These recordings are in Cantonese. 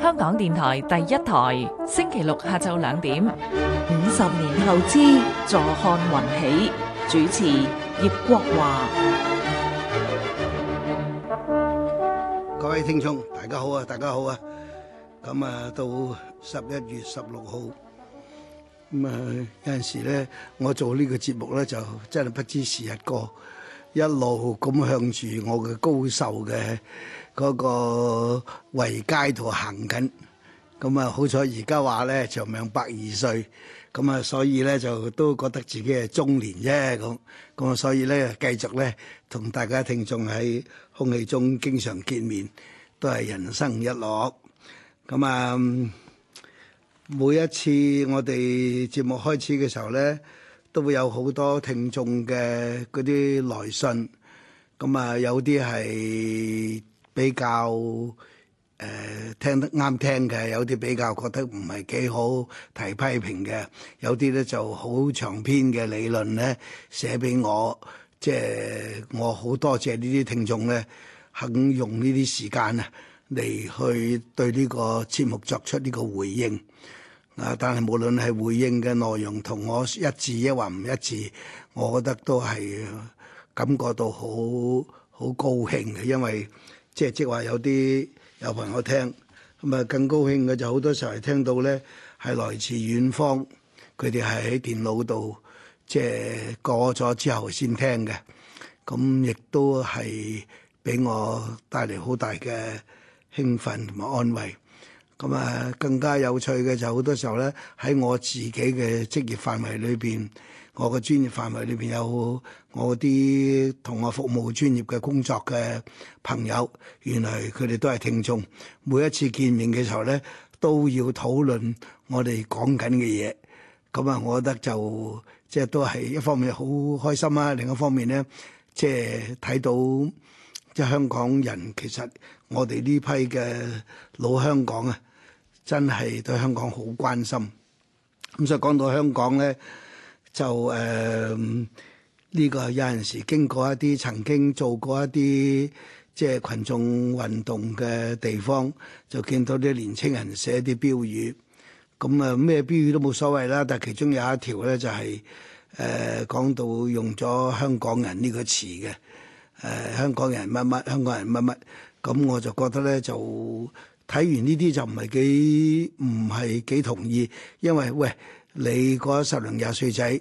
香港電台第一台，星期六下晝兩點。五十年後之，坐看雲起。主持葉國華。各位聽眾，大家好啊！大家好啊！咁啊，到十一月十六號，咁啊，有陣時呢，我做呢個節目呢，就真係不知時日過。一路咁向住我嘅高壽嘅嗰個圍街度行緊，咁啊好彩而家話咧長命百二歲，咁啊所以咧就都覺得自己係中年啫，咁咁啊所以咧繼續咧同大家聽眾喺空氣中經常見面，都係人生一樂，咁啊每一次我哋節目開始嘅時候咧。都會有好多聽眾嘅嗰啲來信，咁啊有啲係比較誒、呃、聽得啱聽嘅，有啲比較覺得唔係幾好提批評嘅，有啲咧就好長篇嘅理論咧寫俾我，即係我好多謝呢啲聽眾咧肯用呢啲時間啊嚟去對呢個節目作出呢個回應。啊！但係無論係回應嘅內容同我一致，抑或唔一致，我覺得都係感覺到好好高興嘅，因為即係即話有啲有朋友聽，咁啊更高興嘅就好多時候聽到咧係來自遠方，佢哋係喺電腦度即係過咗之後先聽嘅，咁亦都係俾我帶嚟好大嘅興奮同埋安慰。咁啊，更加有趣嘅就好多時候咧，喺我自己嘅職業範圍裏邊，我嘅專業範圍裏邊有我啲同我服務專業嘅工作嘅朋友，原來佢哋都係聽眾，每一次見面嘅時候咧，都要討論我哋講緊嘅嘢。咁啊，我覺得就即係都係一方面好開心啊，另一方面咧，即係睇到即係香港人，其實我哋呢批嘅老香港啊～真係對香港好關心，咁所以講到香港咧，就誒呢個有陣時經過一啲曾經做過一啲即係羣眾運動嘅地方，就見到啲年青人寫啲標語，咁啊咩標語都冇所謂啦。但係其中有一條咧就係誒講到用咗香港人呢個詞嘅，誒香港人乜乜，香港人乜乜，咁我就覺得咧就。睇完呢啲就唔係幾唔係幾同意，因為喂你嗰十零廿歲仔，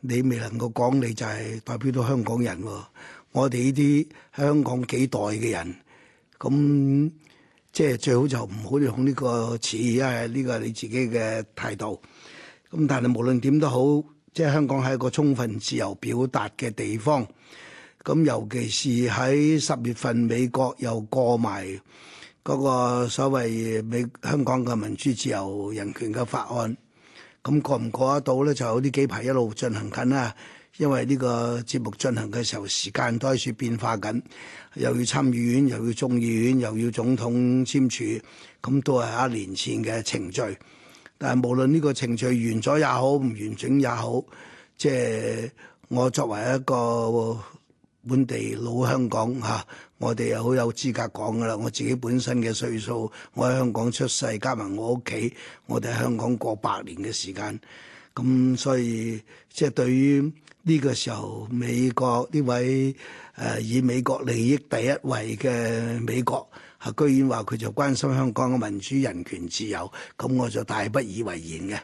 你未能夠講你就係代表到香港人喎。我哋呢啲香港幾代嘅人，咁即係最好就唔好用呢個詞，因為呢個係你自己嘅態度。咁但係你無論點都好，即係香港係一個充分自由表達嘅地方。咁尤其是喺十月份美國又過埋。嗰個所謂美香港嘅民主自由人權嘅法案，咁過唔過得到咧？就呢幾排一路進行緊啦。因為呢個節目進行嘅時候時間都開始變化緊，又要參議院，又要眾議院，又要總統簽署，咁都係一年前嘅程序。但係無論呢個程序完咗也好，唔完整也好，即係我作為一個。本地老香港吓、啊，我哋又好有資格講噶啦。我自己本身嘅歲數，我喺香港出世，加埋我屋企，我哋喺香港過百年嘅時間，咁所以，即、就、係、是、對於呢個時候美國呢位誒、呃、以美國利益第一位嘅美國，係、啊、居然話佢就關心香港嘅民主、人權自由，咁我就大不以為然嘅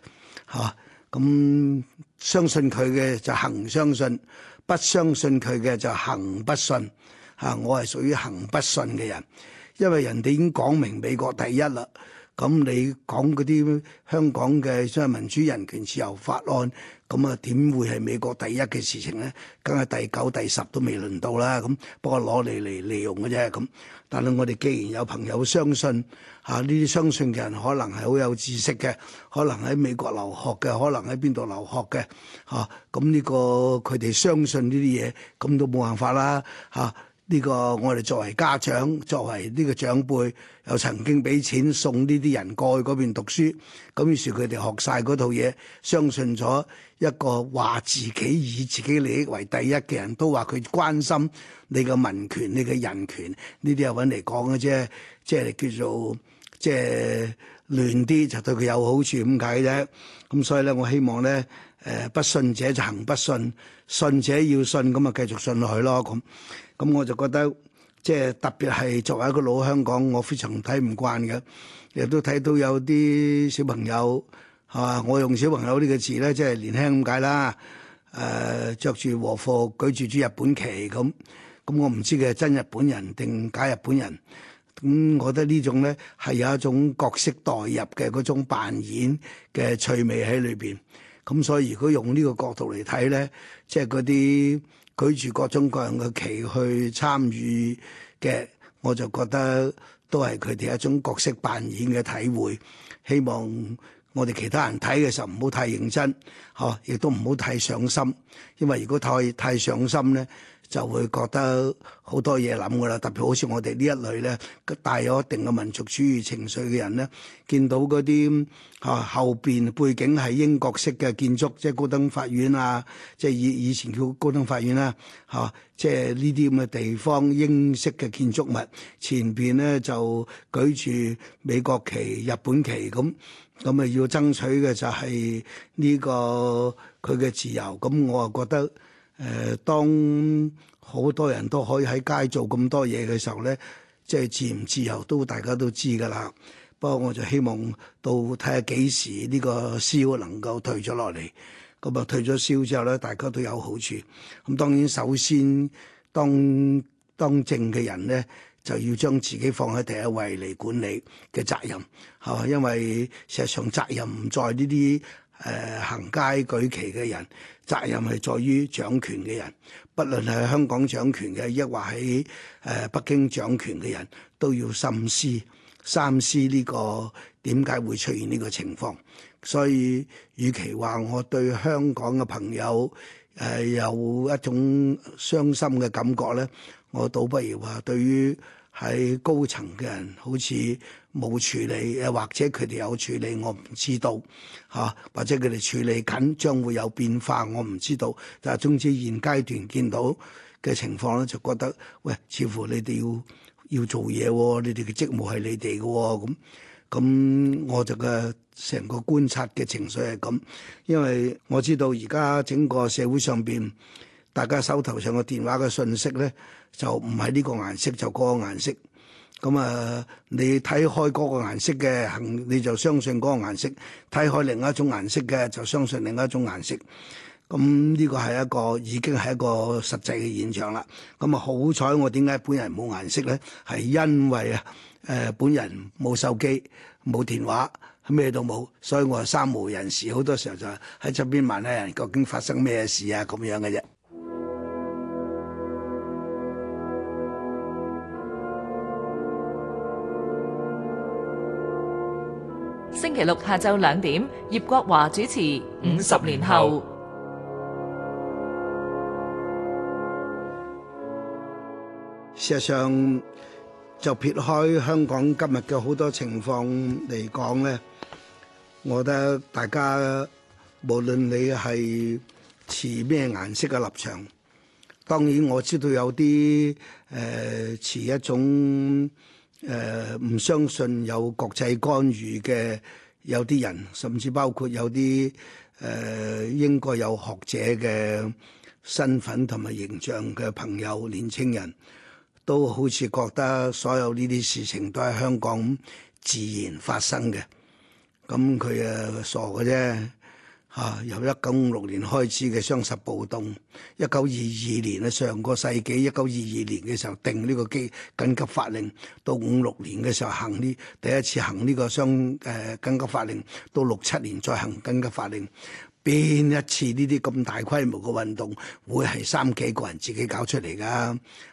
吓，咁相信佢嘅就行，相信，相信。不相信佢嘅就行不信，嚇，我係屬於行不信嘅人，因為人哋已經講明美國第一啦，咁你講嗰啲香港嘅所謂民主、人權自由法案，咁啊，點會係美國第一嘅事情咧？梗係第九、第十都未輪到啦，咁不過攞嚟嚟利用嘅啫，咁但係我哋既然有朋友相信。啊！呢啲相信嘅人可能係好有知識嘅，可能喺美國留學嘅，可能喺邊度留學嘅，嚇咁呢個佢哋相信呢啲嘢，咁都冇辦法啦，嚇、啊、呢、呢個我哋作為家長，作為呢個長輩，又曾經俾錢送呢啲人過去嗰邊讀書，咁於是佢哋學晒嗰套嘢，相信咗一個話自己以自己利益為第一嘅人都話佢關心你嘅民權、你嘅人權，呢啲係揾嚟講嘅啫，即係叫做。即係亂啲就對佢有好處咁解嘅啫，咁所以咧我希望咧誒不信者就行不信，信者要信，咁啊繼續信落去咯咁，咁我就覺得即係特別係作為一個老香港，我非常睇唔慣嘅，亦都睇到有啲小朋友嚇，我用小朋友呢個字咧，即係年輕咁解啦，誒著住和服舉住支日本旗咁，咁我唔知佢係真日本人定假日本人。咁我覺得呢種咧係有一種角色代入嘅嗰種扮演嘅趣味喺裏邊。咁所以如果用呢個角度嚟睇咧，即係嗰啲舉住各種各樣嘅旗去參與嘅，我就覺得都係佢哋一種角色扮演嘅體會。希望我哋其他人睇嘅時候唔好太認真，嚇亦都唔好太上心，因為如果太太上心咧，就會覺得好多嘢諗㗎喇，特別好似我哋呢一類咧，帶有一定嘅民族主義情緒嘅人咧，見到嗰啲嚇後邊背景係英國式嘅建築，即係高等法院啊，即係以以前叫高等法院啦，嚇即係呢啲咁嘅地方英式嘅建築物，前邊咧就舉住美國旗、日本旗咁，咁啊要爭取嘅就係呢個佢嘅自由，咁我啊覺得。誒、呃，當好多人都可以喺街做咁多嘢嘅時候咧，即係自唔自由都大家都知㗎啦。不過我就希望到睇下幾時呢個燒能夠退咗落嚟。咁、嗯、啊，退咗燒之後咧，大家都有好處。咁、嗯、當然首先，當當政嘅人咧，就要將自己放喺第一位嚟管理嘅責任，嚇、嗯，因為事實上責任唔在呢啲。誒、呃、行街舉旗嘅人，責任係在於掌權嘅人，不論係香港掌權嘅，亦或喺誒、呃、北京掌權嘅人，都要深思三思呢、呢個點解會出現呢個情況。所以，與其話我對香港嘅朋友係、呃、有一種傷心嘅感覺咧，我倒不如話對於喺高層嘅人好似。冇處理，或者佢哋有處理，我唔知道嚇，或者佢哋處理緊，將會有變化，我唔知道。但係總之現階段見到嘅情況咧，就覺得喂，似乎你哋要要做嘢喎、哦，你哋嘅職務係你哋嘅喎，咁咁我就嘅成個觀察嘅情緒係咁，因為我知道而家整個社會上邊，大家手頭上嘅電話嘅信息咧，就唔係呢個顏色，就嗰個顏色。咁啊、嗯，你睇開嗰個顏色嘅，你就相信嗰個顏色；睇開另一種顏色嘅，就相信另一種顏色。咁呢個係一個已經係一個實際嘅現象啦。咁、嗯、啊，好彩我點解本人冇顏色咧？係因為啊，誒、呃，本人冇手機、冇電話、咩都冇，所以我係三無人士，好多時候就喺側邊問啲人究竟發生咩事啊咁樣嘅啫。星期六下晝兩點，葉國華主持《五十年後》。事實上，就撇開香港今日嘅好多情況嚟講咧，我覺得大家無論你係持咩顏色嘅立場，當然我知道有啲誒持一種。誒唔、呃、相信有國際干預嘅有啲人，甚至包括有啲誒應該有學者嘅身份同埋形象嘅朋友，年輕人都好似覺得所有呢啲事情都喺香港自然發生嘅，咁佢就傻嘅啫。啊！由一九五六年開始嘅雙十暴動，一九二二年咧，上個世紀一九二二年嘅時候定呢個機緊急法令，到五六年嘅時候行呢第一次行呢個雙誒、呃、緊急法令，到六七年再行緊急法令，邊一次呢啲咁大規模嘅運動會係三幾個人自己搞出嚟噶？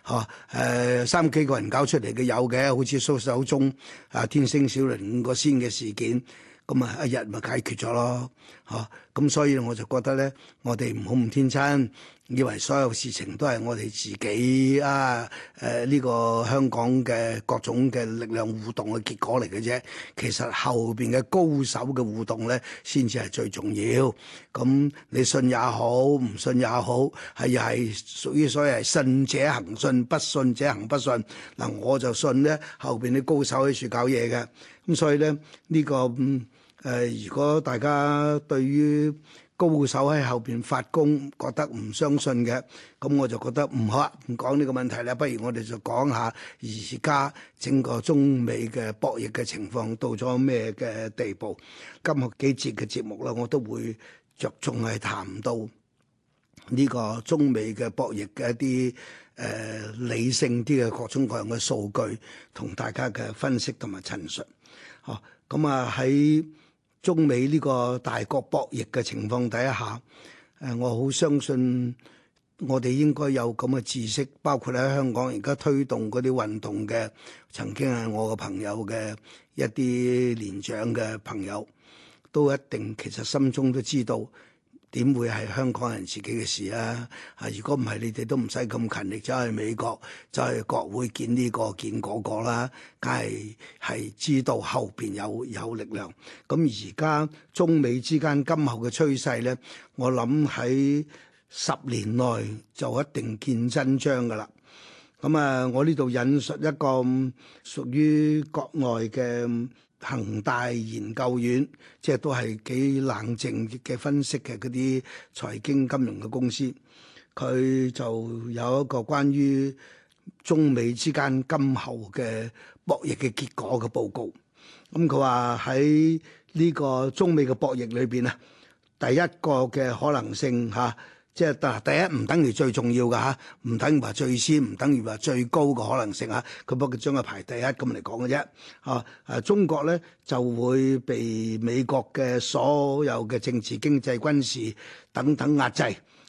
嚇、啊、誒、呃、三幾個人搞出嚟嘅有嘅，好似蘇守忠啊、天星小輪五個仙嘅事件，咁、嗯、啊一日咪解決咗咯？嚇、啊！咁所以我就覺得咧，我哋唔好咁天真，以為所有事情都係我哋自己啊誒呢個香港嘅各種嘅力量互動嘅結果嚟嘅啫。其實後邊嘅高手嘅互動咧，先至係最重要。咁你信也好，唔信也好，係又係屬於所謂係信者恆信，不信者恆不信。嗱，我就信咧，後邊啲高手喺處搞嘢嘅。咁所以咧，呢個嗯。誒、呃，如果大家對於高手喺後邊發功覺得唔相信嘅，咁我就覺得唔好啦，唔講呢個問題啦。不如我哋就講下而家整個中美嘅博弈嘅情況到咗咩嘅地步。今個幾節嘅節目啦，我都會着重係談到呢個中美嘅博弈嘅一啲誒、呃、理性啲嘅各種各樣嘅數據同大家嘅分析同埋陳述。哦，咁啊喺～中美呢個大國博弈嘅情況底下，誒，我好相信我哋應該有咁嘅知識，包括喺香港而家推動嗰啲運動嘅，曾經係我個朋友嘅一啲年長嘅朋友，都一定其實心中都知道。點會係香港人自己嘅事啊！啊，如果唔係，你哋都唔使咁勤力，走去美國，走去國會見呢個見嗰個啦。梗係係知道後邊有有力量。咁而家中美之間今後嘅趨勢咧，我諗喺十年內就一定見真章噶啦。咁啊，我呢度引述一個屬於國外嘅。恒大研究院，即係都係幾冷靜嘅分析嘅嗰啲財經金融嘅公司，佢就有一個關於中美之間今後嘅博弈嘅結果嘅報告。咁佢話，喺呢個中美嘅博弈裏邊啊，第一個嘅可能性吓。啊即係第一唔等於最重要㗎，唔等於話最先，唔等於話最高嘅可能性啊。佢不過將佢排第一咁嚟講嘅啫。啊，啊中國咧就會被美國嘅所有嘅政治、經濟、軍事等等壓制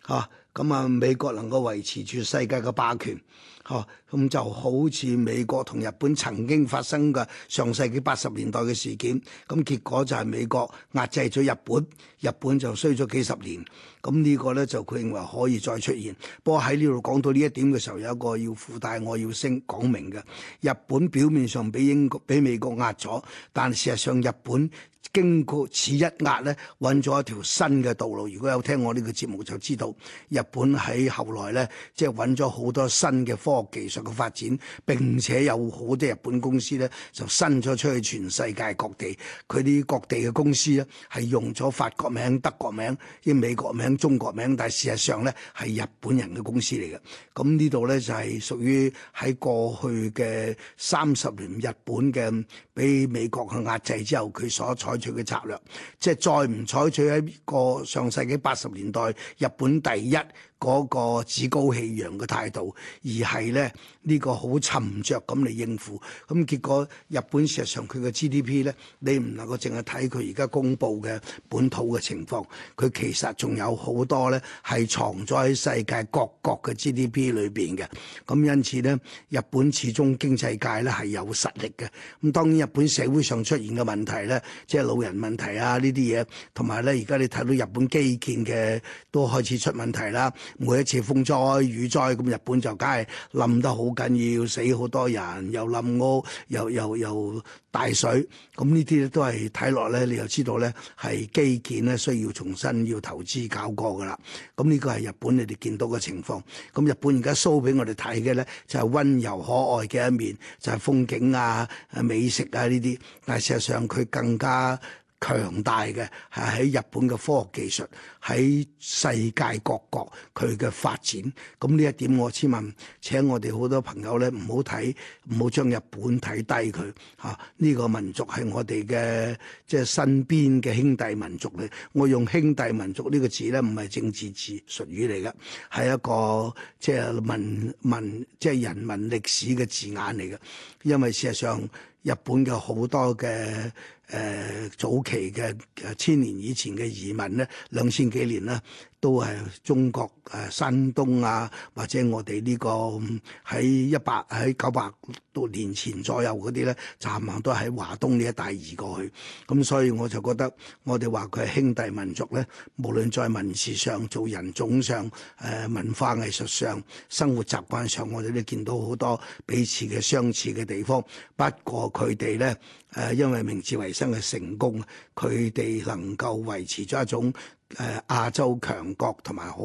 啊。啊咁啊，美國能夠維持住世界嘅霸權，吓咁就好似美國同日本曾經發生嘅上世紀八十年代嘅事件，咁結果就係美國壓制咗日本，日本就衰咗幾十年。咁呢個呢，就佢認為可以再出現。不過喺呢度講到呢一點嘅時候，有一個要附帶我要先講明嘅，日本表面上俾英國、俾美國壓咗，但事實上日本。經過此一壓咧，揾咗一條新嘅道路。如果有聽我呢個節目就知道，日本喺後來咧，即係揾咗好多新嘅科學技術嘅發展，並且有好多日本公司咧，就伸咗出去全世界各地。佢啲各地嘅公司咧，係用咗法國名、德國名、即美國名、中國名，但係事實上咧，係日本人嘅公司嚟嘅。咁、嗯、呢度咧，就係屬於喺過去嘅三十年日本嘅俾美國去壓制之後佢所採。採取嘅策略，即係再唔採取喺個上世紀八十年代日本第一，嗰個趾高氣揚嘅態度，而係咧呢個好沉着咁嚟應付，咁結果日本事實上佢嘅 GDP 咧，你唔能夠淨係睇佢而家公布嘅本土嘅情況，佢其實仲有好多咧係藏在世界各國嘅 GDP 裏邊嘅。咁因此咧，日本始終經濟界咧係有實力嘅。咁當然日本社會上出現嘅問題咧，即係老人問題啊呢啲嘢，同埋咧而家你睇到日本基建嘅都開始出問題啦。每一次風災雨災，咁日本就梗係冧得好緊要，死好多人，又冧屋，又又又大水，咁呢啲咧都係睇落咧，你又知道咧係基建咧需要重新要投資搞過噶啦。咁呢個係日本你哋見到嘅情況。咁日本而家 show 俾我哋睇嘅咧，就係溫柔可愛嘅一面，就係、是、風景啊、美食啊呢啲。但係事實上佢更加強大嘅係喺日本嘅科學技術喺世界各國佢嘅發展。咁呢一點我千萬請我哋好多朋友咧唔好睇唔好將日本睇低佢嚇，呢個民族係我哋嘅即係身邊嘅兄弟民族咧。我用兄弟民族呢個字咧唔係政治字術語嚟嘅，係一個即係民民即係人民歷史嘅字眼嚟嘅，因為事實上日本嘅好多嘅。誒、呃、早期嘅誒千年以前嘅移民咧，兩千幾年啦。都係中國誒、呃，山東啊，或者我哋呢、這個喺、嗯、一百喺九百多年前左右嗰啲咧，暫行都喺華東呢一帶移過去。咁、嗯、所以我就覺得，我哋話佢係兄弟民族咧，無論在文字上、做人種上、誒、呃、文化藝術上、生活習慣上，我哋都見到好多彼此嘅相似嘅地方。不過佢哋咧誒，因為明治維新嘅成功，佢哋能夠維持咗一種。誒、呃、亞洲強國同埋好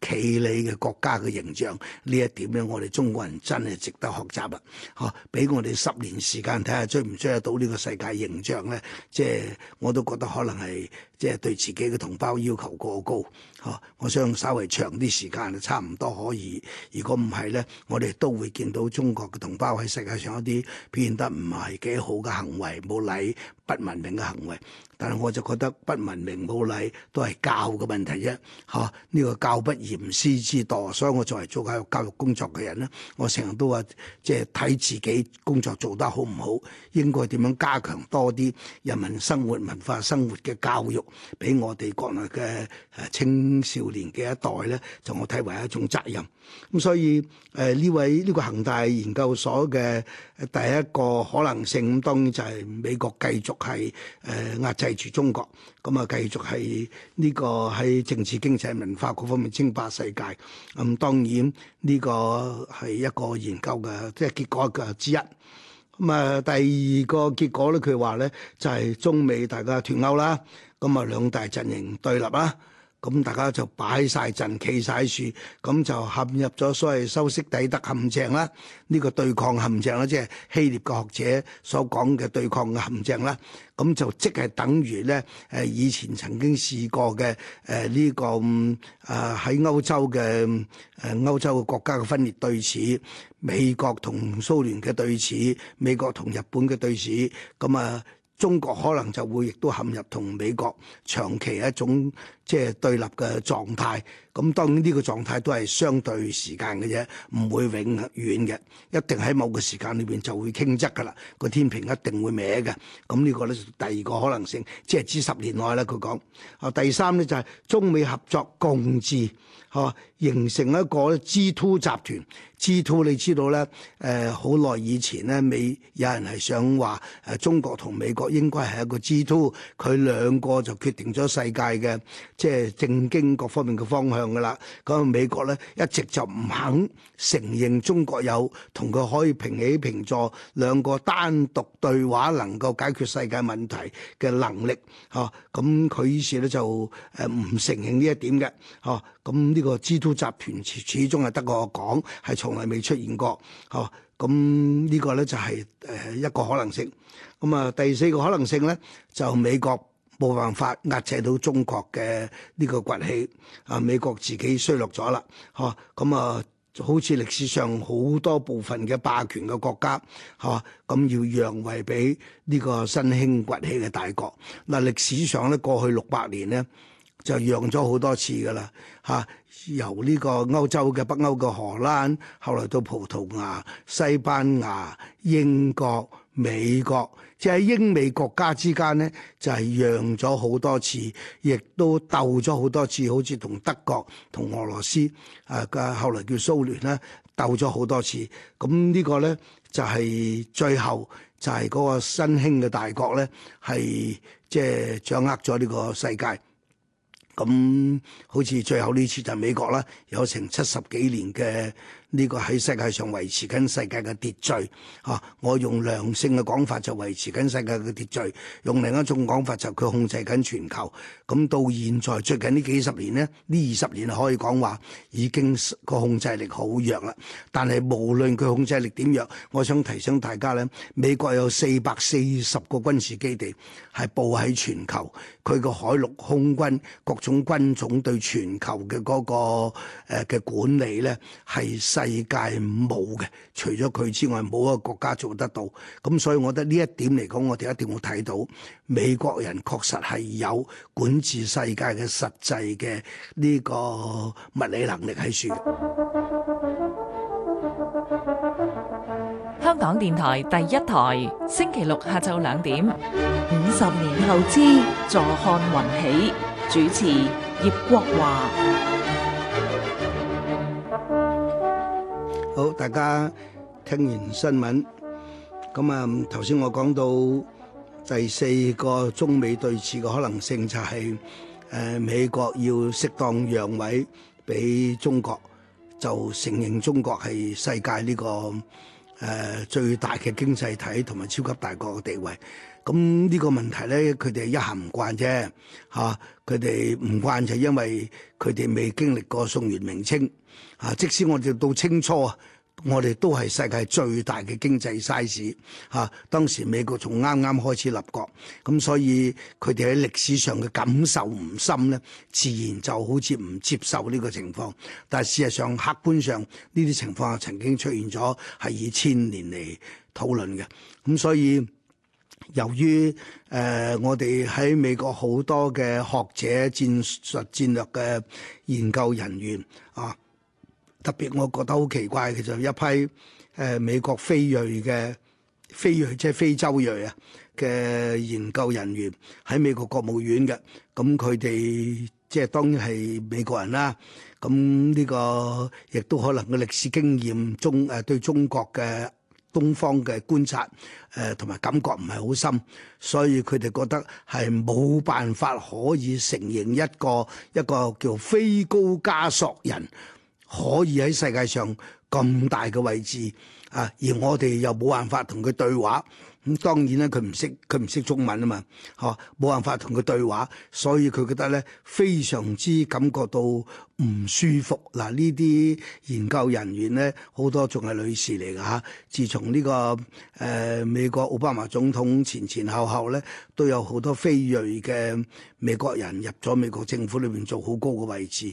企理嘅國家嘅形象呢一點咧，我哋中國人真係值得學習啦！嚇，俾我哋十年時間睇下追唔追得到呢個世界形象咧？即係我都覺得可能係即係對自己嘅同胞要求過高。我想稍微長啲時間就差唔多可以。如果唔係咧，我哋都會見到中國嘅同胞喺世界上一啲變得唔係幾好嘅行為，冇禮不文明嘅行為。但係我就覺得不文明、冇禮都係教嘅問題啫。吓，呢個教不嚴師之惰，所以我作為做教育、教育工作嘅人咧，我成日都話，即係睇自己工作做得好唔好，應該點樣加強多啲人民生活、文化生活嘅教育，俾我哋國內嘅誒青。青少年嘅一代咧，就我睇為一種責任咁、嗯，所以誒呢、呃、位呢、呢個恒大研究所嘅第一個可能性當然就係美國繼續係誒、呃、壓制住中國咁啊、嗯，繼續係呢個喺政治、經濟、文化嗰方面稱霸世界咁、嗯。當然呢個係一個研究嘅即係結果嘅之一咁啊、嗯。第二個結果咧，佢話咧就係、是、中美大家脱歐啦，咁、嗯、啊兩大陣營對立啦。咁大家就擺晒陣、企晒樹，咁就陷入咗所謂修昔底德陷阱啦，呢、這個對抗陷阱啦，即係希臘嘅學者所講嘅對抗嘅陷阱啦。咁就即係等於咧誒以前曾經試過嘅誒呢個啊喺、呃、歐洲嘅誒、呃、歐洲嘅國家嘅分裂對峙，美國同蘇聯嘅對峙，美國同日本嘅對峙，咁啊～中國可能就會亦都陷入同美國長期一種即係、就是、對立嘅狀態。咁當然呢個狀態都係相對時間嘅啫，唔會永遠嘅，一定喺某個時間裏邊就會傾側噶啦，個天平一定會歪嘅。咁呢個咧第二個可能性，即係指十年內咧佢講啊，第三咧就係中美合作共治，吓形成一個咧 G two 集團。G two 你知道咧，誒好耐以前咧，美有人係想話誒中國同美國應該係一個 G two，佢兩個就決定咗世界嘅即係政經各方面嘅方向。噶啦，咁啊，美國咧一直就唔肯承認中國有同佢可以平起平坐、兩個單獨對話、能夠解決世界問題嘅能力，嚇咁佢於是咧就誒唔承認呢一點嘅，嚇咁呢個 G2 集團始終係得個講，係從來未出現過，嚇咁呢個咧就係誒一個可能性。咁啊，第四個可能性咧就美國，冇辦法壓制到中國嘅呢個崛起，啊美國自己衰落咗啦，嚇、啊、咁啊，好似歷史上好多部分嘅霸權嘅國家，嚇、啊、咁、啊、要讓位俾呢個新興崛起嘅大國。嗱、啊，歷史上咧過去六百年咧就讓咗好多次噶啦，嚇、啊、由呢個歐洲嘅北歐嘅荷蘭，後來到葡萄牙、西班牙、英國、美國。即係英美國家之間咧，就係、是、讓咗好多次，亦都鬥咗好多次，好似同德國、同俄羅斯啊嘅，後來叫蘇聯啦，鬥咗好多次。咁呢個咧就係、是、最後就係嗰個新興嘅大國咧，係即係掌握咗呢個世界。咁好似最後呢次就係美國啦，有成七十幾年嘅。呢個喺世界上維持緊世界嘅秩序，嚇！我用良性嘅講法就維持緊世界嘅秩序，用另一種講法就佢控制緊全球。咁到現在最近呢幾十年咧，呢二十年可以講話已經個控制力好弱啦。但係無論佢控制力點弱，我想提醒大家咧，美國有四百四十個軍事基地係佈喺全球，佢個海陸空軍各種軍種對全球嘅嗰個誒嘅管理咧係。世界冇嘅，除咗佢之外，冇一個國家做得到。咁所以我覺得呢一點嚟講，我哋一定要睇到美國人確實係有管治世界嘅實際嘅呢個物理能力喺處。香港電台第一台，星期六下晝兩點，五十年後之，坐看雲起，主持葉國華。好，大家聽完新聞咁啊，頭先我講到第四個中美對峙嘅可能性就係、是、誒、呃、美國要適當讓位俾中國，就承認中國係世界呢、這個誒、呃、最大嘅經濟體同埋超級大國嘅地位。咁呢個問題咧，佢哋一下唔慣啫嚇，佢哋唔慣就因為佢哋未經歷過宋元明清。啊！即使我哋到清初，我哋都係世界最大嘅經濟 size，啊。嚇，當時美國從啱啱開始立國，咁所以佢哋喺歷史上嘅感受唔深咧，自然就好似唔接受呢個情況。但係事實上，客觀上呢啲情況曾經出現咗，係以千年嚟討論嘅。咁所以由於誒、呃，我哋喺美國好多嘅學者、戰術戰略嘅研究人員啊。特別，我覺得好奇怪嘅就一批誒，美國非裔嘅非裔，即係非洲裔啊嘅研究人員喺美國國務院嘅。咁，佢哋即係當然係美國人啦。咁呢個亦都可能係歷史經驗中，誒對中國嘅東方嘅觀察，誒同埋感覺唔係好深，所以佢哋覺得係冇辦法可以承認一個一個叫非高加索人。可以喺世界上咁大嘅位置啊，而我哋又冇辦法同佢對話。咁、嗯、當然咧，佢唔識，佢唔識中文啊嘛，吓、啊，冇辦法同佢對話，所以佢覺得咧非常之感覺到。唔舒服嗱，呢啲研究人員咧好多仲係女士嚟㗎吓。自從呢、這個誒、呃、美國奧巴馬總統前前後後咧都有好多非裔嘅美國人入咗美國政府裏邊做好高嘅位置，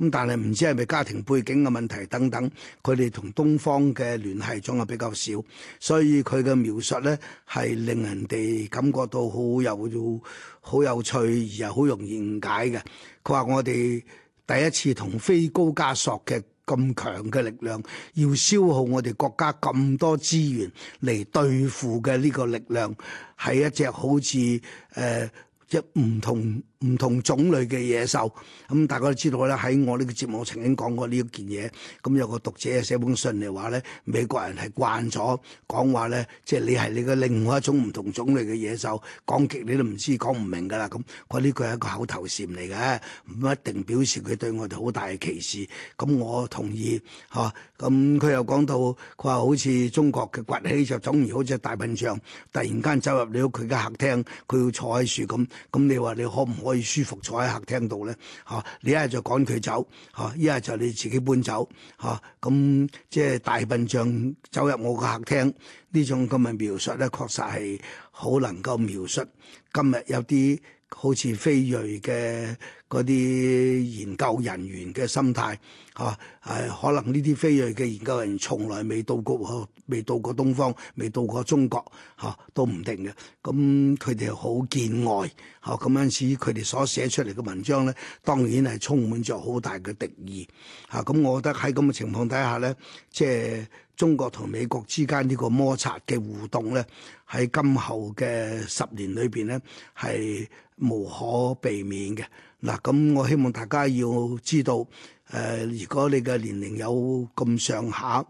咁但係唔知係咪家庭背景嘅問題等等，佢哋同東方嘅聯繫仲係比較少，所以佢嘅描述咧係令人哋感覺到好有好有趣而又好容易誤解嘅。佢話我哋。第一次同非高加索嘅咁強嘅力量，要消耗我哋國家咁多資源嚟對付嘅呢個力量，係一隻好似誒、呃、一唔同。唔同種類嘅野獸，咁大家都知道咧。喺我呢個節目曾經講過呢一件嘢，咁有個讀者寫封信嚟話咧，美國人係慣咗講話咧，即係你係你嘅另外一種唔同種類嘅野獸，講極你都唔知講唔明噶啦。咁佢呢句係一個口頭禪嚟嘅，唔一定表示佢對我哋好大嘅歧視。咁我同意嚇。咁佢又講到，佢話好似中國嘅崛起就總而好似大笨象突然間走入咗佢嘅客廳，佢要坐喺樹咁。咁你話你可唔可以？最舒服坐喺客廳度咧，吓，你一係就趕佢走，吓，一係就你自己搬走，吓，咁即係大笨象走入我個客廳，呢種咁嘅描述咧，確實係好能夠描述今日有啲。好似非裔嘅嗰啲研究人員嘅心態，嚇、啊、係、啊、可能呢啲非裔嘅研究人員從來未到過，未到過東方，未到過中國，嚇、啊、都唔定嘅。咁佢哋好見外，嚇、啊、咁樣子，佢哋所寫出嚟嘅文章咧，當然係充滿著好大嘅敵意，嚇、啊、咁、啊啊。我覺得喺咁嘅情況底下咧，即、就、係、是、中國同美國之間呢個摩擦嘅互動咧，喺今後嘅十年裏邊咧係。無可避免嘅，嗱，咁我希望大家要知道，誒、呃，如果你嘅年齡有咁上下，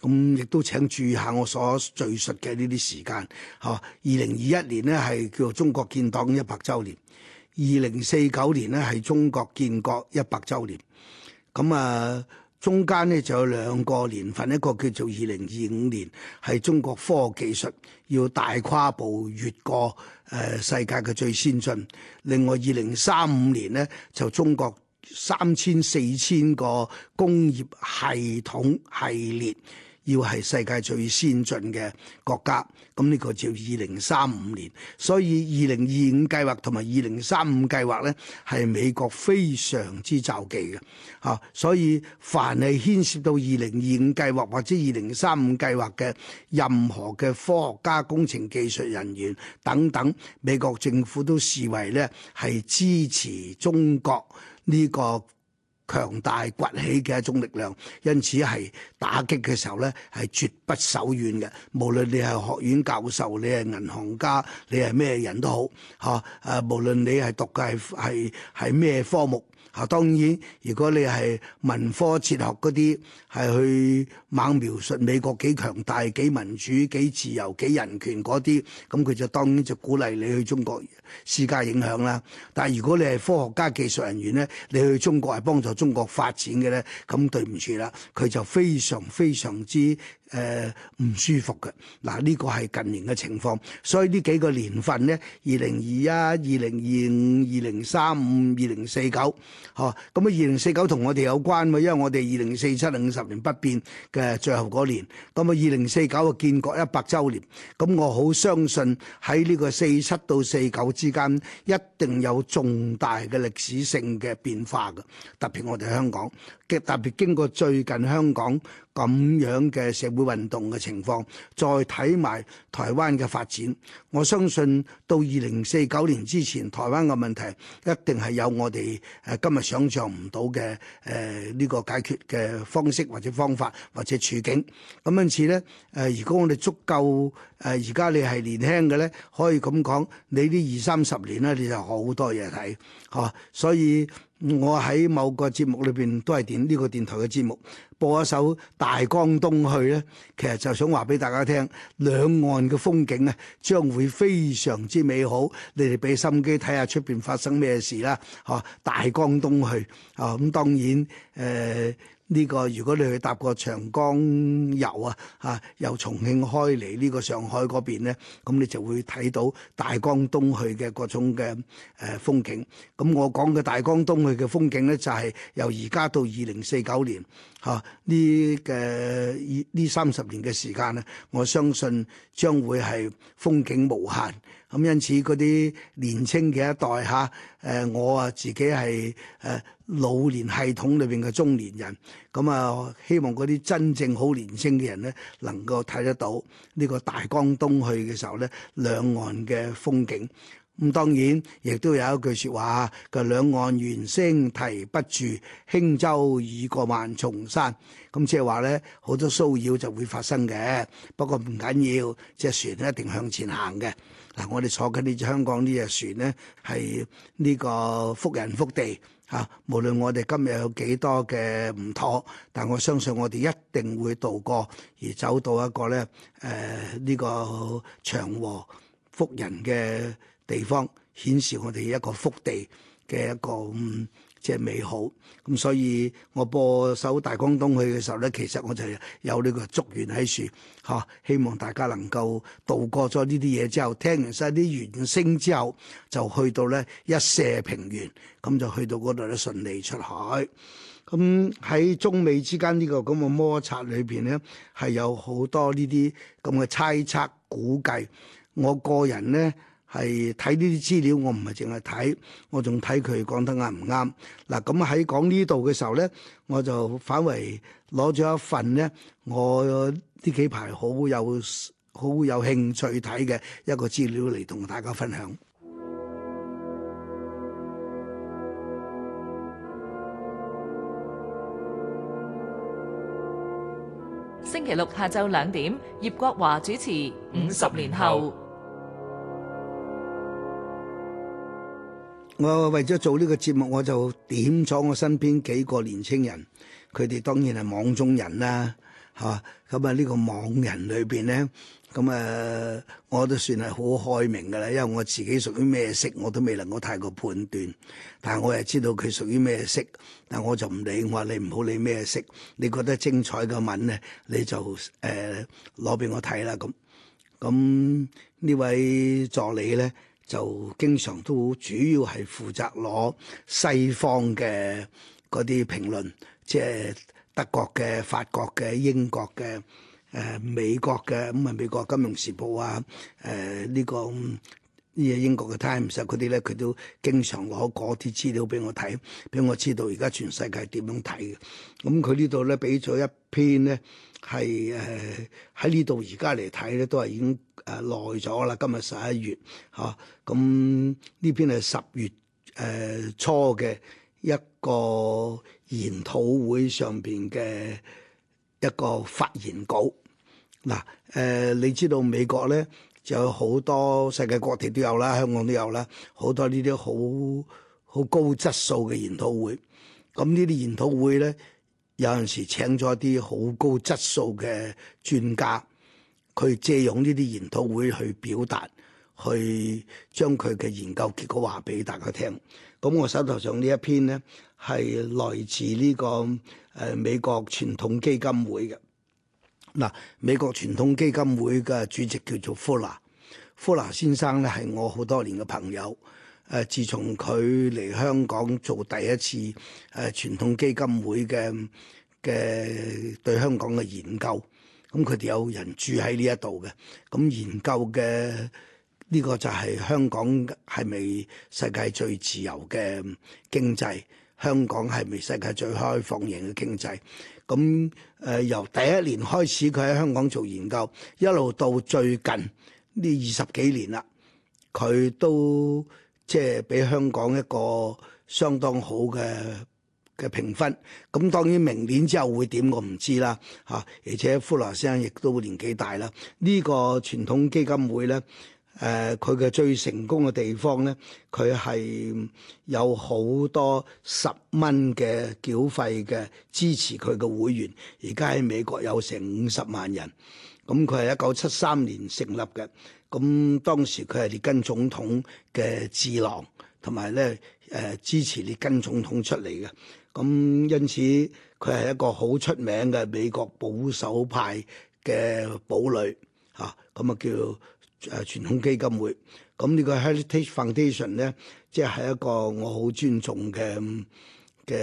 咁亦都請注意下我所敍述嘅呢啲時間，嚇、啊。二零二一年呢係叫中國建黨一百週年，二零四九年呢係中國建國一百週年，咁、嗯、啊。中間咧就有兩個年份，一個叫做二零二五年，係中國科技術要大跨步越過誒、呃、世界嘅最先進；另外二零三五年咧，就中國三千四千個工業系統系列。要係世界最先進嘅國家，咁呢個叫二零三五年。所以二零二五計劃同埋二零三五計劃咧，係美國非常之驕忌嘅。嚇、啊，所以凡係牽涉到二零二五計劃或者二零三五計劃嘅任何嘅科學家、工程技術人員等等，美國政府都視為咧係支持中國呢、這個。強大崛起嘅一種力量，因此係打擊嘅時候咧，係絕不手軟嘅。無論你係學院教授，你係銀行家，你係咩人都好，吓、啊、誒無論你係讀嘅係係係咩科目。啊，當然，如果你係文科、哲學嗰啲，係去猛描述美國幾強大、幾民主、幾自由、幾人權嗰啲，咁佢就當然就鼓勵你去中國施加影響啦。但係如果你係科學家、技術人員咧，你去中國係幫助中國發展嘅咧，咁對唔住啦，佢就非常非常之。誒唔、呃、舒服嘅，嗱呢、這個係近年嘅情況，所以呢幾個年份呢，二零二一、二零二五、二零三五、二零四九，呵，咁啊二零四九同我哋有關嘛，因為我哋二零四七係五十年不變嘅最後嗰年，咁啊二零四九嘅建國一百週年，咁我好相信喺呢個四七到四九之間一定有重大嘅歷史性嘅變化嘅，特別我哋香港嘅特別經過最近香港。咁樣嘅社會運動嘅情況，再睇埋台灣嘅發展，我相信到二零四九年之前，台灣嘅問題一定係有我哋誒今日想象唔到嘅誒呢個解決嘅方式或者方法或者處境。咁因此呢，誒、呃、如果我哋足夠誒，而、呃、家你係年輕嘅呢，可以咁講，你呢二三十年呢，你就多好多嘢睇嚇。所以我喺某個節目裏邊都係點呢個電台嘅節目。播一首《大江東去》咧，其實就想話俾大家聽，兩岸嘅風景咧將會非常之美好。你哋俾心機睇下出邊發生咩事啦，嚇！大江東去，啊咁當然誒呢、呃呢個如果你去搭過長江遊啊，嚇由重慶開嚟呢個上海嗰邊咧，咁、啊、你就會睇到大江東去嘅各種嘅誒風景。咁、啊、我講嘅大江東去嘅風景咧，就係由而家到二零四九年，嚇、啊。呢嘅呢三十年嘅時間咧，我相信將會係風景無限。咁因此嗰啲年青嘅一代嚇，誒我啊自己係誒老年系統裏邊嘅中年人。咁啊，希望嗰啲真正好年青嘅人咧，能夠睇得到呢個大江東去嘅時候咧，兩岸嘅風景。咁當然，亦都有一句説話，嘅兩岸猿聲啼不住，輕舟已過萬重山。咁即係話咧，好多騷擾就會發生嘅。不過唔緊要，即係船一定向前行嘅。嗱，我哋坐緊呢隻香港呢隻船咧，係呢個福人福地嚇。無論我哋今日有幾多嘅唔妥，但我相信我哋一定會渡過，而走到一個咧誒呢個祥和福人嘅。地方顯示我哋一個福地嘅一個、嗯、即係美好咁，所以我播首《大江東去》嘅時候咧，其實我就有呢個祝願喺處嚇、啊，希望大家能夠度過咗呢啲嘢之後，聽完晒啲原聲之後，就去到咧一瀉平原，咁就去到嗰度咧順利出海。咁喺中美之間呢個咁嘅摩擦裏邊咧，係有好多呢啲咁嘅猜測估計。我個人咧。係睇呢啲資料，我唔係淨係睇，我仲睇佢講得啱唔啱嗱。咁喺講呢度嘅時候呢，我就反為攞咗一份呢，我呢幾排好有好有興趣睇嘅一個資料嚟同大家分享。星期六下晝兩點，葉國華主持《五十年後》。我為咗做呢個節目，我就點咗我身邊幾個年青人，佢哋當然係網中人啦，吓咁啊呢、嗯這個網人裏邊咧，咁、嗯、啊我都算係好開明噶啦，因為我自己屬於咩色，我都未能夠太過判斷，但係我係知道佢屬於咩色，但係我就唔理，我話你唔好理咩色，你覺得精彩嘅文咧，你就誒攞俾我睇啦，咁咁呢位助理咧。就經常都主要係負責攞西方嘅嗰啲評論，即係德國嘅、法國嘅、英國嘅、誒、呃、美國嘅，咁、嗯、啊美國金融時報啊，誒、呃、呢、這個呢個、嗯、英國嘅 Time，其實佢哋咧，佢都經常攞嗰啲資料俾我睇，俾我知道而家全世界點樣睇嘅。咁、嗯、佢呢度咧俾咗一篇咧。係誒喺呢度而家嚟睇咧，都係已經誒耐咗啦。今日十一月嚇，咁呢邊係十月誒、呃、初嘅一個研討會上邊嘅一個發言稿。嗱、啊、誒、呃，你知道美國咧就有好多，世界各地都有啦，香港都有啦，好多呢啲好好高質素嘅研討會。咁呢啲研討會咧，有陣時請咗一啲好高質素嘅專家，佢借用呢啲研討會去表達，去將佢嘅研究結果話俾大家聽。咁我手頭上呢一篇咧係來自呢個誒美國傳統基金會嘅。嗱，美國傳統基金會嘅主席叫做富娜，富娜先生咧係我好多年嘅朋友。誒，自從佢嚟香港做第一次誒傳統基金會嘅嘅對香港嘅研究，咁佢哋有人住喺呢一度嘅，咁研究嘅呢個就係香港係咪世界最自由嘅經濟？香港係咪世界最開放型嘅經濟？咁誒，由第一年開始佢喺香港做研究，一路到最近呢二十幾年啦，佢都。即係俾香港一個相當好嘅嘅評分，咁當然明年之後會點我唔知啦嚇、啊，而且富蘭克林亦都會年紀大啦。呢、這個傳統基金會咧，誒佢嘅最成功嘅地方咧，佢係有好多十蚊嘅繳費嘅支持佢嘅會員，而家喺美國有成五十萬人。咁佢係一九七三年成立嘅，咁當時佢係列根總統嘅智囊，同埋咧誒，支持列根總統出嚟嘅，咁因此佢係一個好出名嘅美國保守派嘅堡壘嚇，咁啊叫誒傳統基金會。咁呢個 Heritage Foundation 咧，即係一個我好尊重嘅嘅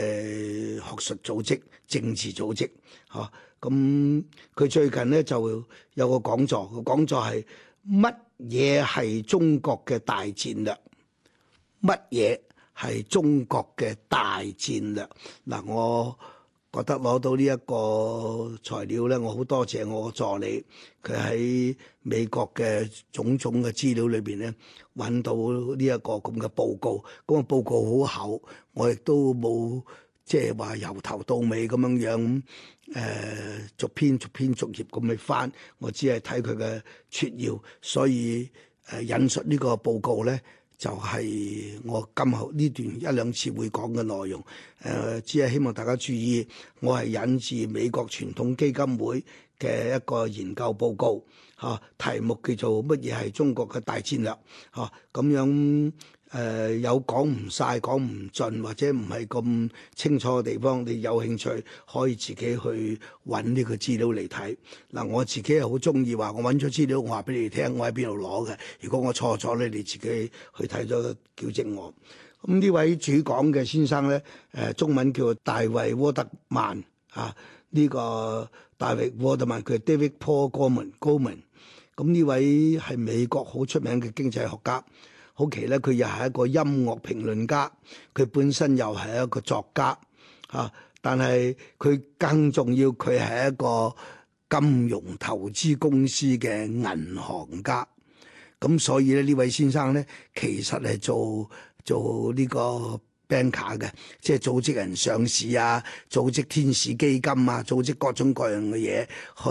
學術組織、政治組織嚇。啊咁佢、嗯、最近咧就有個講座，個講座係乜嘢係中國嘅大戰略？乜嘢係中國嘅大戰略？嗱、嗯，我覺得攞到呢一個材料咧，我好多謝我個助理，佢喺美國嘅種種嘅資料裏邊咧揾到呢一個咁嘅報告。咁、嗰個報告好厚，我亦都冇。即係話由頭到尾咁樣樣，誒、呃、逐篇逐篇，逐、篇逐頁咁去翻，我只係睇佢嘅摘要，所以、呃、引述呢個報告咧，就係、是、我今後呢段一兩次會講嘅內容。誒、呃，只係希望大家注意，我係引自美國傳統基金會嘅一個研究報告，嚇、啊、題目叫做乜嘢係中國嘅大戰略，嚇、啊、咁樣。誒、呃、有講唔晒、講唔盡或者唔係咁清楚嘅地方，你有興趣可以自己去揾呢個資料嚟睇。嗱、呃，我自己好中意話，我揾咗資料，我話俾你哋聽，我喺邊度攞嘅。如果我錯咗，你哋自己去睇咗糾正我。咁、嗯、呢位主講嘅先生咧，誒、呃、中文叫大衛沃德曼啊，呢、這個大衛沃德曼佢 David Paul Goldman，咁呢位係美國好出名嘅經濟學家。好奇咧，佢又係一個音樂評論家，佢本身又係一個作家，嚇、啊！但係佢更重要，佢係一個金融投資公司嘅銀行家。咁所以咧，呢位先生咧，其實係做做呢、這個。banker 嘅，即係組織人上市啊，組織天使基金啊，組織各種各樣嘅嘢，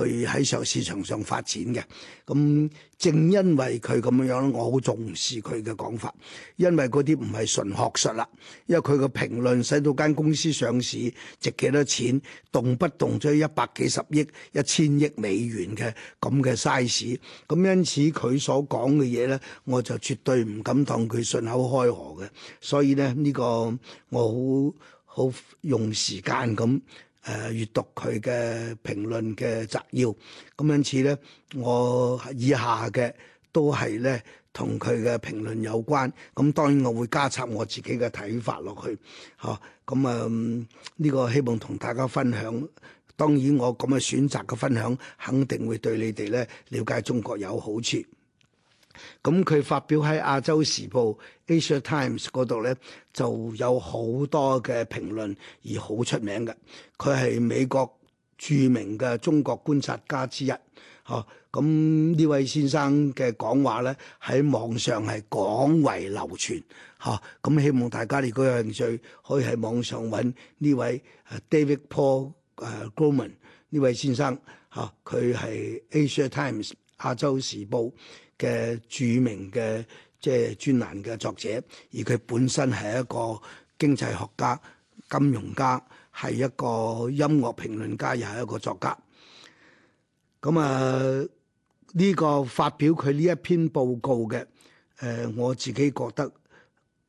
去喺上市場上發展嘅。咁正因為佢咁樣，我好重視佢嘅講法，因為嗰啲唔係純學術啦，因為佢嘅評論使到間公司上市值幾多錢，動不動咗一百幾十億、一千億美元嘅咁嘅 size。咁因此佢所講嘅嘢咧，我就絕對唔敢當佢順口開河嘅。所以咧，呢、呢個。我好好用時間咁誒閱讀佢嘅評論嘅摘要，咁因此咧，我以下嘅都係咧同佢嘅評論有關。咁當然我會加插我自己嘅睇法落去，吓，咁啊呢個希望同大家分享。當然我咁嘅選擇嘅分享，肯定會對你哋咧了解中國有好處。咁、嗯、佢發表喺《亞洲時報》。Asia Times 嗰度咧就有好多嘅評論，而好出名嘅，佢係美國著名嘅中國觀察家之一，嚇。咁呢位先生嘅講話咧喺網上係廣為流傳，嚇。咁希望大家如果有興趣，可以喺網上揾呢位 David Paul 誒 Gorman 呢位先生，嚇。佢係 Asia Times 亞洲時報嘅著名嘅。即係專欄嘅作者，而佢本身係一個經濟學家、金融家，係一個音樂評論家，又係一個作家。咁啊，呢、這個發表佢呢一篇報告嘅，誒、呃，我自己覺得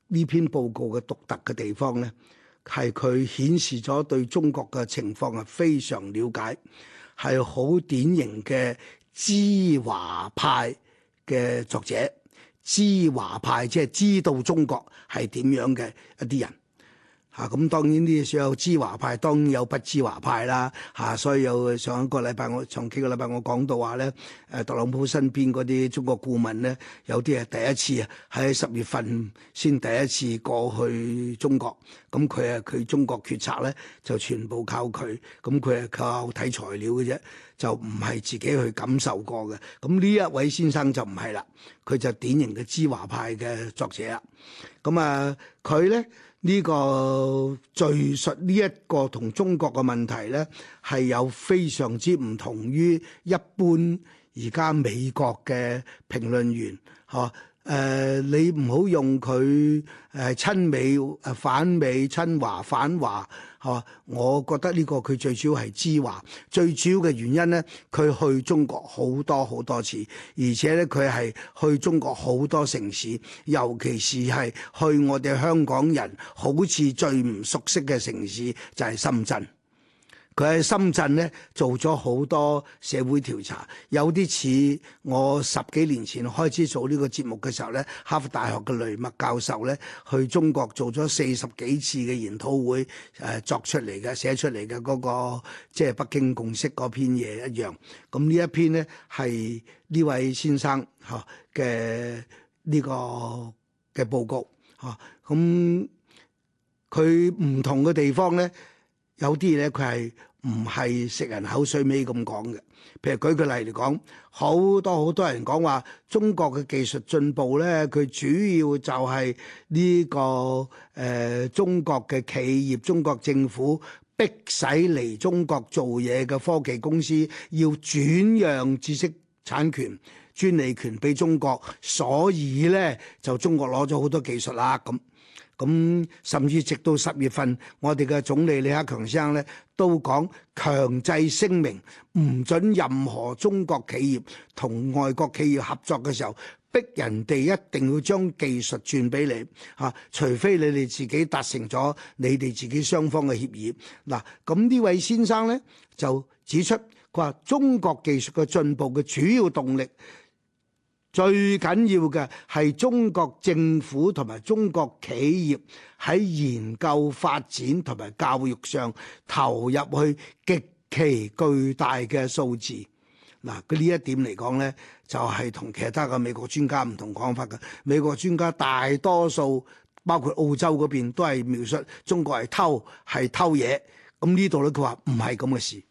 呢篇報告嘅獨特嘅地方咧，係佢顯示咗對中國嘅情況係非常了解，係好典型嘅知華派嘅作者。知華派即係知道中國係點樣嘅一啲人。啊，咁當然呢啲所有知華派，當然有不知華派啦。嚇、啊，所以有上一個禮拜我，我上幾個禮拜我講到話咧，誒，特朗普身邊嗰啲中國顧問咧，有啲係第一次啊、嗯，喺十月份先第一次過去中國。咁佢啊，佢中國決策咧就全部靠佢，咁佢係靠睇材料嘅啫，就唔係自己去感受過嘅。咁呢一位先生就唔係啦，佢就典型嘅知華派嘅作者啦。咁啊，佢、嗯、咧。呢個敘述呢一個同中國嘅問題咧，係有非常之唔同於一般而家美國嘅評論員吓。誒、呃、你唔好用佢誒、呃、親美誒、反美親華、反華嚇、啊，我覺得呢個佢最主要係知華，最主要嘅原因呢，佢去中國好多好多次，而且呢，佢係去中國好多城市，尤其是係去我哋香港人好似最唔熟悉嘅城市就係、是、深圳。佢喺深圳咧做咗好多社會調查，有啲似我十幾年前開始做呢個節目嘅時候咧，哈佛大學嘅雷默教授咧去中國做咗四十幾次嘅研討會，誒、呃、作出嚟嘅寫出嚟嘅嗰個即係北京共識嗰篇嘢一樣。咁、嗯、呢一篇咧係呢位先生嚇嘅呢個嘅報告嚇。咁佢唔同嘅地方咧，有啲咧佢係。唔係食人口水尾咁講嘅，譬如舉個例嚟講，好多好多人講話中國嘅技術進步呢，佢主要就係呢、這個誒、呃、中國嘅企業、中國政府逼使嚟中國做嘢嘅科技公司要轉讓知識產權、專利權俾中國，所以呢，就中國攞咗好多技術啦咁。咁甚至直到十月份，我哋嘅總理李克強先生咧都講強制聲明，唔准任何中國企業同外國企業合作嘅時候，逼人哋一定要將技術轉俾你，嚇，除非你哋自己達成咗你哋自己雙方嘅協議。嗱，咁呢位先生咧就指出，佢話中國技術嘅進步嘅主要動力。最緊要嘅係中國政府同埋中國企業喺研究、發展同埋教育上投入去極其巨大嘅數字。嗱，佢呢一點嚟講咧，就係同其他嘅美國專家唔同講法嘅。美國專家大多數，包括澳洲嗰邊，都係描述中國係偷，係偷嘢。咁呢度咧，佢話唔係咁嘅事。